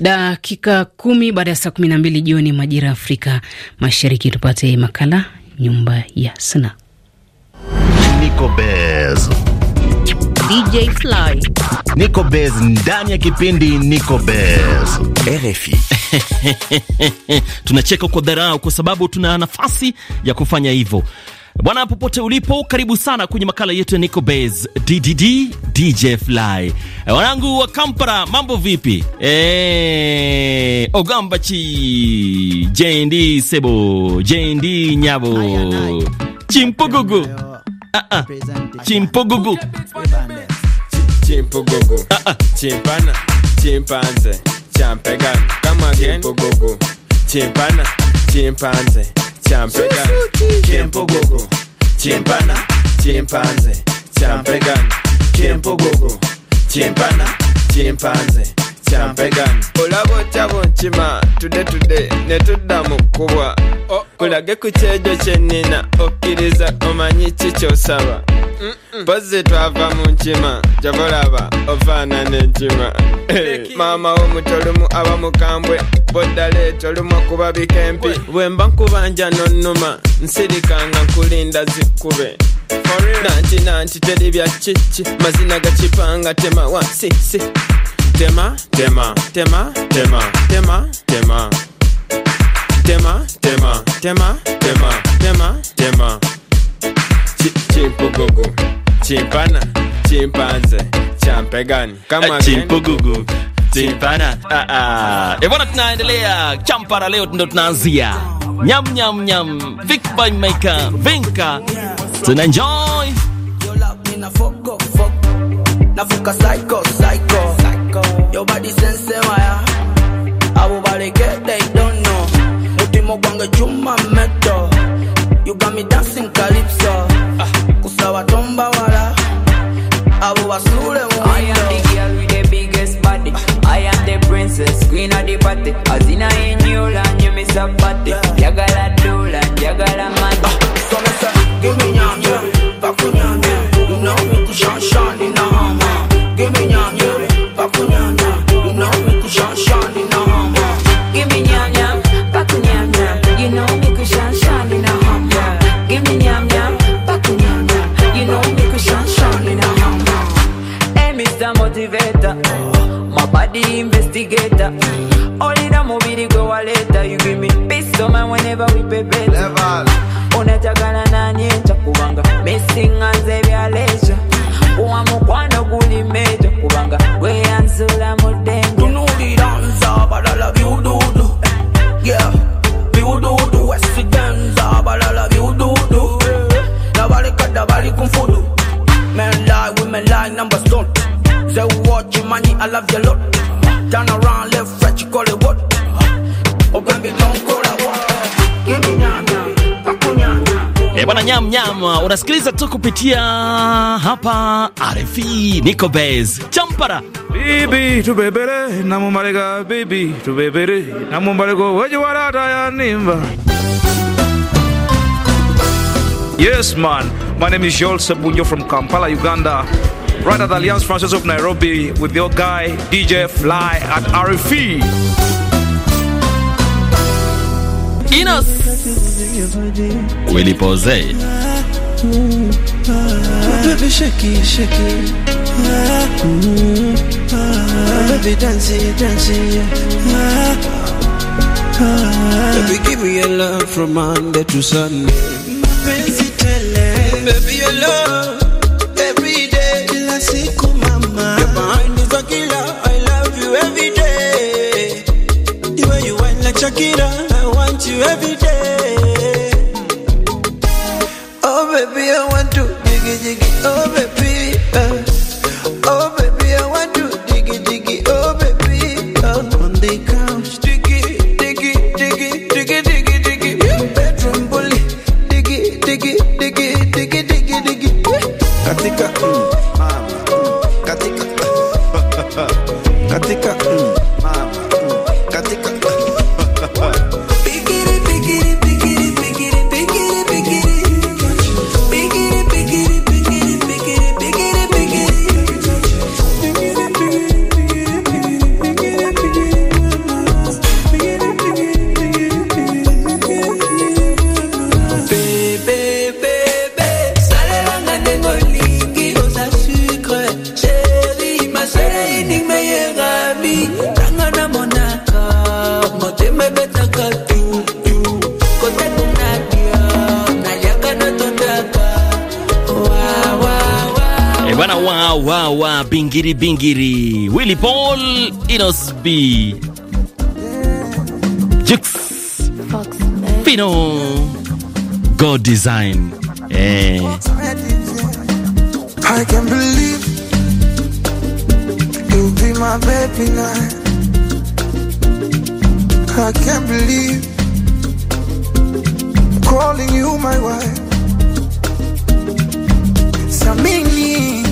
Dakika kumi baada ya saa kumi na mbili jioni majira ya Afrika Mashariki, tupate makala nyumba ya sanaa. DJ Fly Nico Bez ndani ya kipindi Nico Bez RFI. Tunacheka kwa dharau kwa sababu tuna nafasi ya kufanya hivyo. Bwana, popote ulipo, karibu sana kwenye makala yetu ya Nico Base DDD DJ Fly. Eh, wanangu wa Kampala, mambo vipi? Eh, ogamba chi jendi Sebo, jendi Nyabo. Chimpugugu. Chimpugugu. Ah, ah. ah, Chimpana, chimpanze, champega. Kama Chimpana, chimpanze. kyampegan kyempogogo kyempana kyempanze kyampegan kyempogogo kyempana kyempanze kyampegan olaba otyabonkima tude tude ne tudda mu kkubwa oh, oh. kulage ku kyejo kyennina okkiriza omanyi kikyosaba mpozi twava mu nkima gyabalaba ofaanana enkima maama w'omuti olumu aba mukambwe bwoddala ekyo olumu okuba bikempi bwe mba nkubanja nonnuma nsirikanga nkulinda zikkube nanti nanti teri bya kiki mazina gakipanga tema wa sisi tema tema tema tema tema tema tema tema tema tema tema tema tema tema chimpugugu chimpana chimpanze champegani kama eh, chimpugugu chimpana ah, ah. ebona eh, tunaendelea champara leo ndo tunaanzia nyam nyam nyam Vic by Maker Vinka ah. tuna enjoy Navuka psycho, psycho. Your body mate azina enyola nyumisa bate njagala dola njagala mate love your lot. Turn around, left, right, you call it what? Oh, baby, don't call it what? Give eh, me nyama, pakunyama. E bwana, nyam nyam, uh, unasikiliza tu kupitia hapa RFI Nico Bez Champara. Bibi tubebere na mumarega, bibi tubebere na mumarego, wewe warata ya nimba. Yes man, my name is Joel Sabunyo from Kampala, Uganda. right at Alliance Francis of Nairobi with your guy DJ Fly at RFE. Inos Willy Pose. Baby shaky, shaky. Mm-hmm. Baby dancey, dancey. Baby give me your love from Monday to Sunday. Baby your love. Shakira, I want you every day. Oh, baby, I want to jiggy jiggy. Oh, baby. Bingiri Bingiri, Willie Paul, Inos B, Jux, Fino, God Design. Eh. I can believe you'll be my baby now. I can't believe calling you my wife. Samini.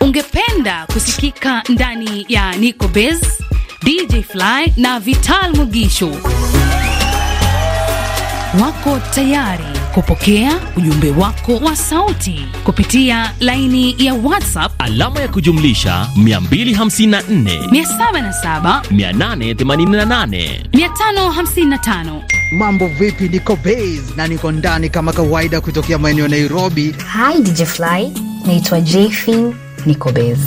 Ungependa kusikika ndani ya Nico Bez, DJ Fly na Vital Mugisho wako tayari kupokea ujumbe wako wa sauti kupitia laini ya WhatsApp alama ya kujumlisha 254 77 Mambo vipi? Niko base na niko ndani kama kawaida kutokea maeneo ya Nairobi. Hi DJ Fly, naitwa Jfin, niko base.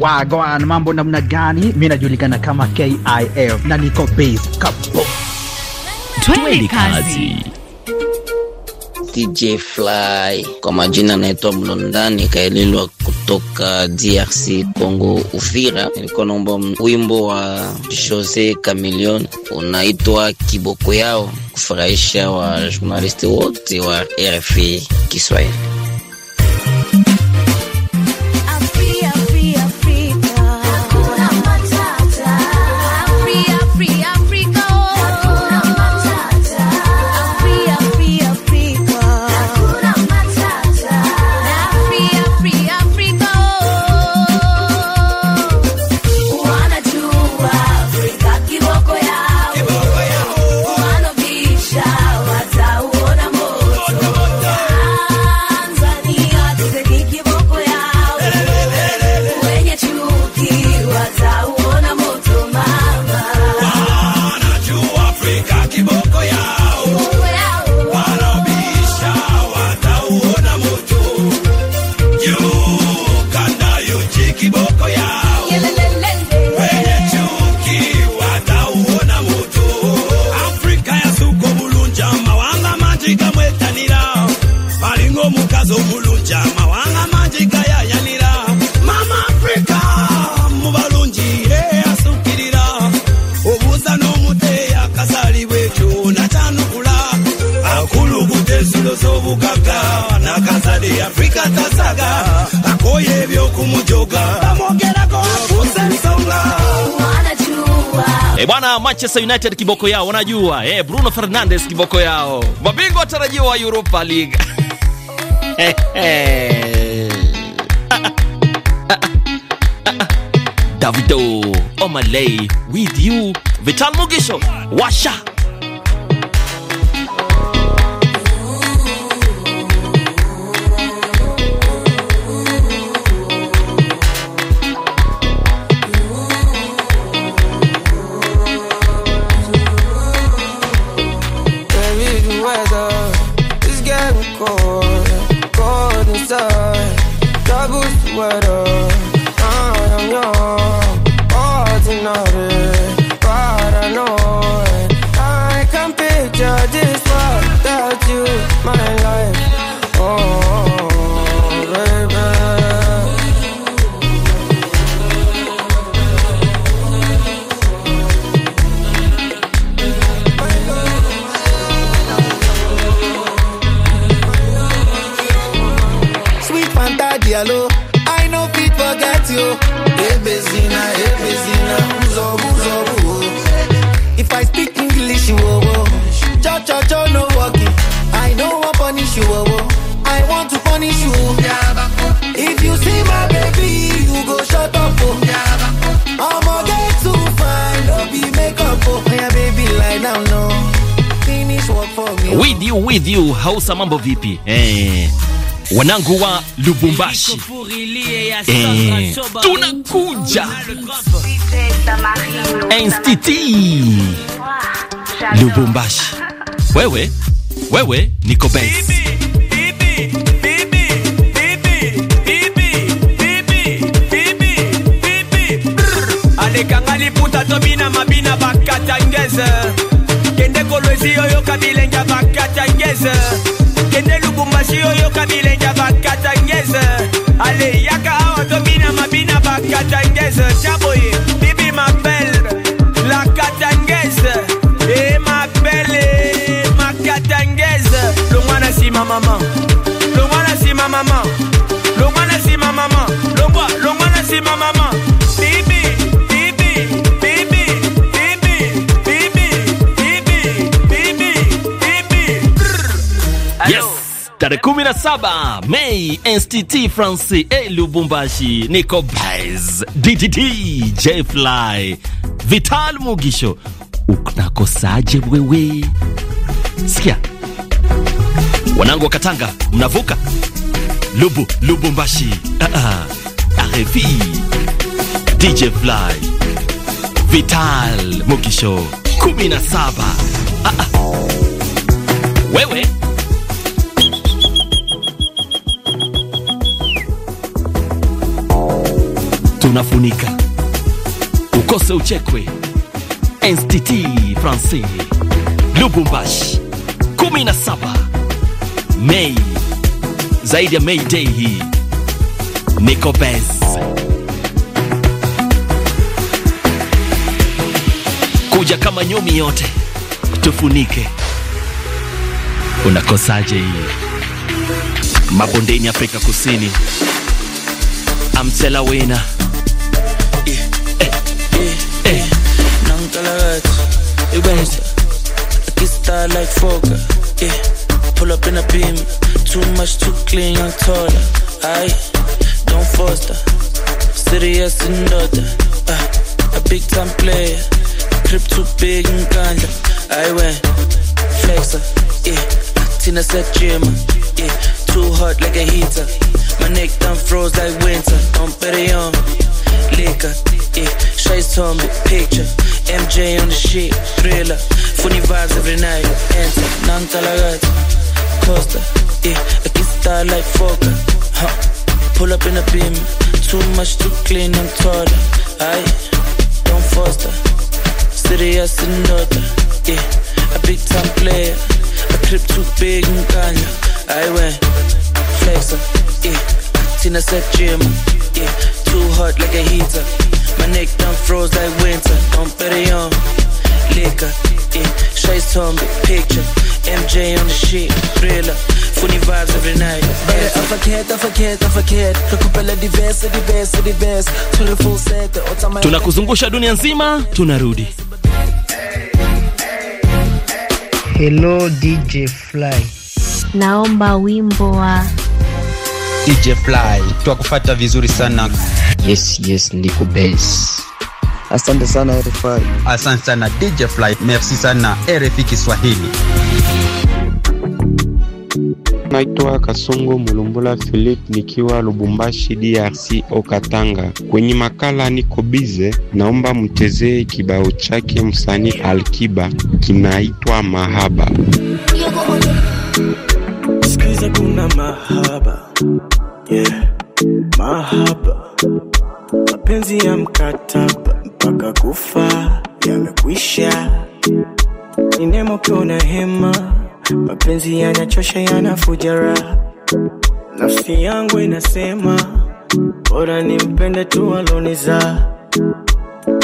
Wagwan, mambo namna gani? Mi najulikana kama KIF na niko base kapo. Twende kazi. DJ Fly. Kwa majina naitwa Mlondani Kaelilwa kutoka DRC Congo, Uvira. Nilikuwa naomba wimbo wa Jose Camillion unaitwa Kiboko yao kufurahisha wa journalisti wote wa RFI Kiswahili. E bwana, Manchester United kiboko yao wanajua. E, Bruno Fernandes kiboko yao, mabingwa watarajiwa wa Europa League. Davido Omaley with you, Vital Mugisho washa With you, with you. Hausa, mambo vipi? Eh, wanangu wa Lubumbashi eh, tunakuja Institi Lubumbashi. Wewe wewe, niko base alekanga liputa tobina mabina bakata ngeze kolwezi oyo kabilenja bakata ngeze kende lubumbashi oyo kabilenja bakata ngeze ale yaka awa tobina mabina baka saba Mei NCT France e Lubumbashi, Nico Baez, DDD, J Fly, Vital Mugisho. Unakosaje wewe? Sikia wanangu wa Katanga, mnavuka lubu Lubumbashi. Uh ah, -uh. Ah. RFI, DJ Fly, Vital Mugisho 17. Uh -uh. Wewe tunafunika ukose uchekwe. NCT Francais Lubumbashi 17 Mei, zaidi ya Mei Day hii niko kuja kama nyomi yote tufunike. Unakosaje hii mabondeni Afrika Kusini? Amsela wena touch it Wednesday. I get started like Fogger, yeah. Pull up in a beam, too much, too clean, I'm taller. I don't foster, serious and daughter. Uh, a big time player, crib too big and ganja. I went flexer, yeah. Tina said gym, yeah. Too hot like a heater. My neck done froze like winter. Don't bet it on liquor, yeah Face to me, picture MJ on the sheet, thriller Funny vibes every night, enter Nang talaga Costa, yeah, I get star like Fokker huh. Pull up in a beam Too much to clean, I'm taller I don't foster Serious in order, yeah A big time player A trip too big in Kanye I went flexer, yeah Tina said gym, yeah Too hot like a heater Panic down froze like winter. Don't bet it liquor. Yeah, Shay's on big picture. MJ on the shit, thriller. Funny vibes every night. Bare yeah. afakhet, afakhet, afakhet. Kakupela diverse, diverse, diverse. Tuna full set. Tunakuzungusha dunia nzima, tunarudi. Hello DJ Fly. Naomba wimbo wa DJ Fly. Twakufata vizuri sana. Yes, yes, niko bes. Asante sana RFI. Asante sana DJ Fly. Merci sana RFI Kiswahili. Naitwa Kasongo Mulumbula Philip nikiwa Lubumbashi DRC Okatanga. Kwenye makala niko bize, naomba mchezee kibao chake msanii Alkiba kinaitwa Mahaba. Sikiza kuna mahaba. Yeah mahaba, mapenzi ya mkataba mpaka kufa yamekwisha. Ni nemo kiona hema, mapenzi yanachosha, yanafujara Nafsi yangu inasema bora nimpende tu alonizaa.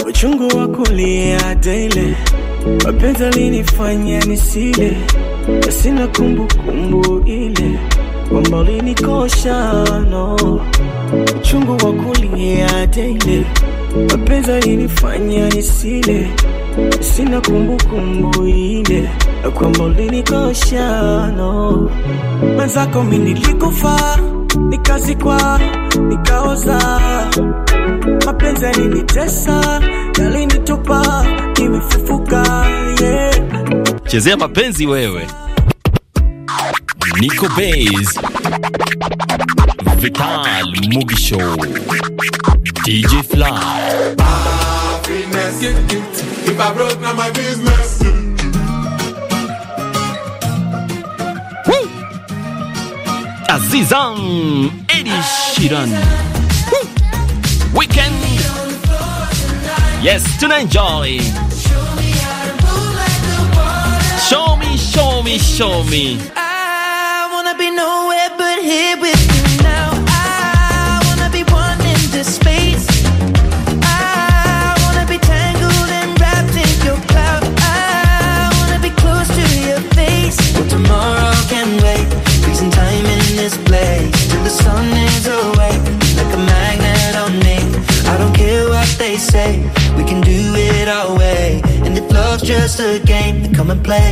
Uchungu wa kulia daily, mapenzi alinifanya nisile, sina kumbukumbu ile kwamba ulinikosha no, uchungu wa kulia daily mapenzi alinifanya nisile, sina kumbukumbu ile kwamba ulinikosha no, mwenzako mi nilikufa nikazikwa nikaoza, mapenzi yalinitesa yalinitupa, nimefufuka yeah. Chezea mapenzi wewe Nico Bays, Vital Mugisho, DJ Fly. Happiness, if I broke, now my business. Woo! Azizan, Eddie Shiran, Woo! Weekend. Yes, tonight enjoy. Show me, show me, show me. just a game, then come and play.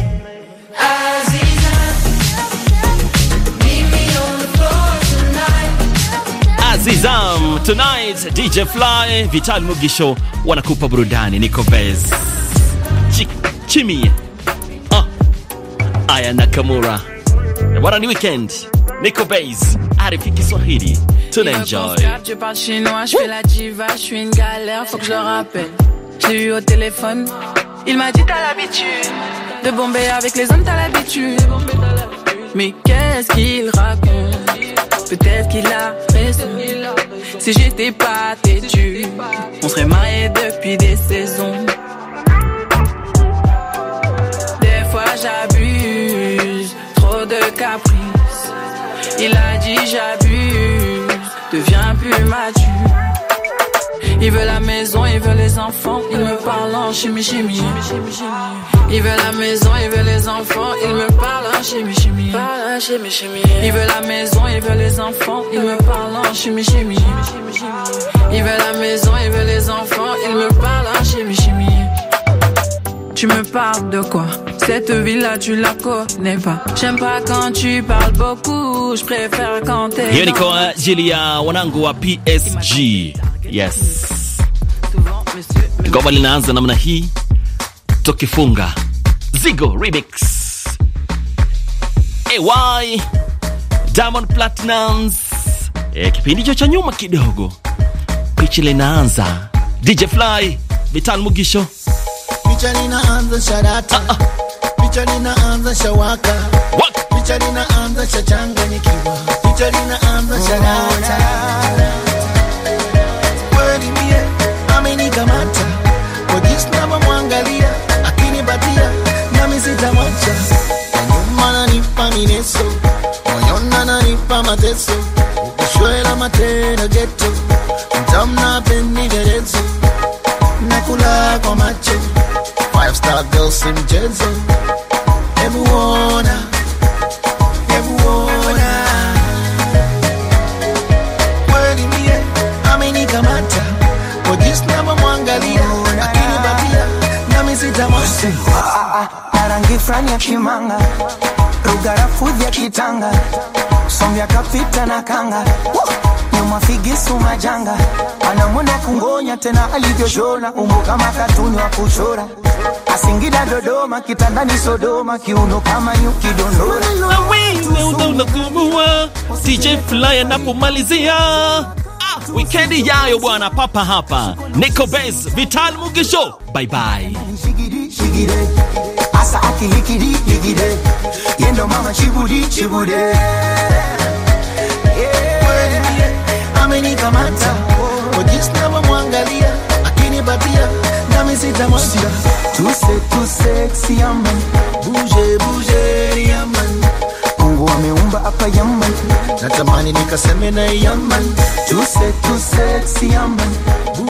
Azizam tonight, DJ Fly, Vital Mugisho wanakupa burudani. Niko Vez Chimi, ah, Aya Nakamura bwana, ni weekend. Niko Vez Arifi Kiswahili Enjoy. Je parle chinois, je fais la diva, je suis une galère, faut que je le rappelle. J'ai eu au téléphone, Il m'a dit t'as l'habitude de bomber avec les hommes, t'as l'habitude. Mais qu'est-ce qu'il raconte Peut-être qu'il a raison. Si j'étais pas têtu, on serait mariés depuis des saisons. Des fois j'abuse, trop de caprices. Il a dit j'abuse, deviens plus mature. Il veut la maison, il veut les enfants. il me parle en chimie, Il veut la maison, il veut les enfants. il me parle en chimie, chimie. veut la maison, il veut les enfants. il me parle en chimie, chimie. la maison, il veut les enfants. il me parle en chimie, Tu me parles de quoi Cette ville-là, tu la connais pas. J'aime pas quand tu parles beaucoup, je préfère quand t'es. Hiyo PSG. Yes, goma linaanza namna hii, tukifunga Zigo remix ay Diamond Platinums. E, kipindi cha nyuma kidogo, picha linaanza DJ Fly Vital Mugisho, picha linaanza sharata ah, ah. picha linaanza shawaka What? picha linaanza shachanganyikiwa picha linaanza sharata amenikamata kwa jinsi navyomwangalia, akinipatia nami sitamwacha. Nyuma ananipa mineso, moyoni ananipa mateso, ukishwela matena geto mtamna mitanga sombya kapita na kanga nyuma figisu majanga anamwona kungonya tena alivyoshona umbo kama katuni wa kuchora asingida dodoma kitandani sodoma kiuno kama nyuki dondora wewe unakumua DJ Fly anapomalizia Wikendi ijayo bwana, papa hapa. Niko Base, Vital Mugisho, bye bye. Mungu ameumba hapa Yaman, natamani nikaseme na Yaman, tuse tuse si Yaman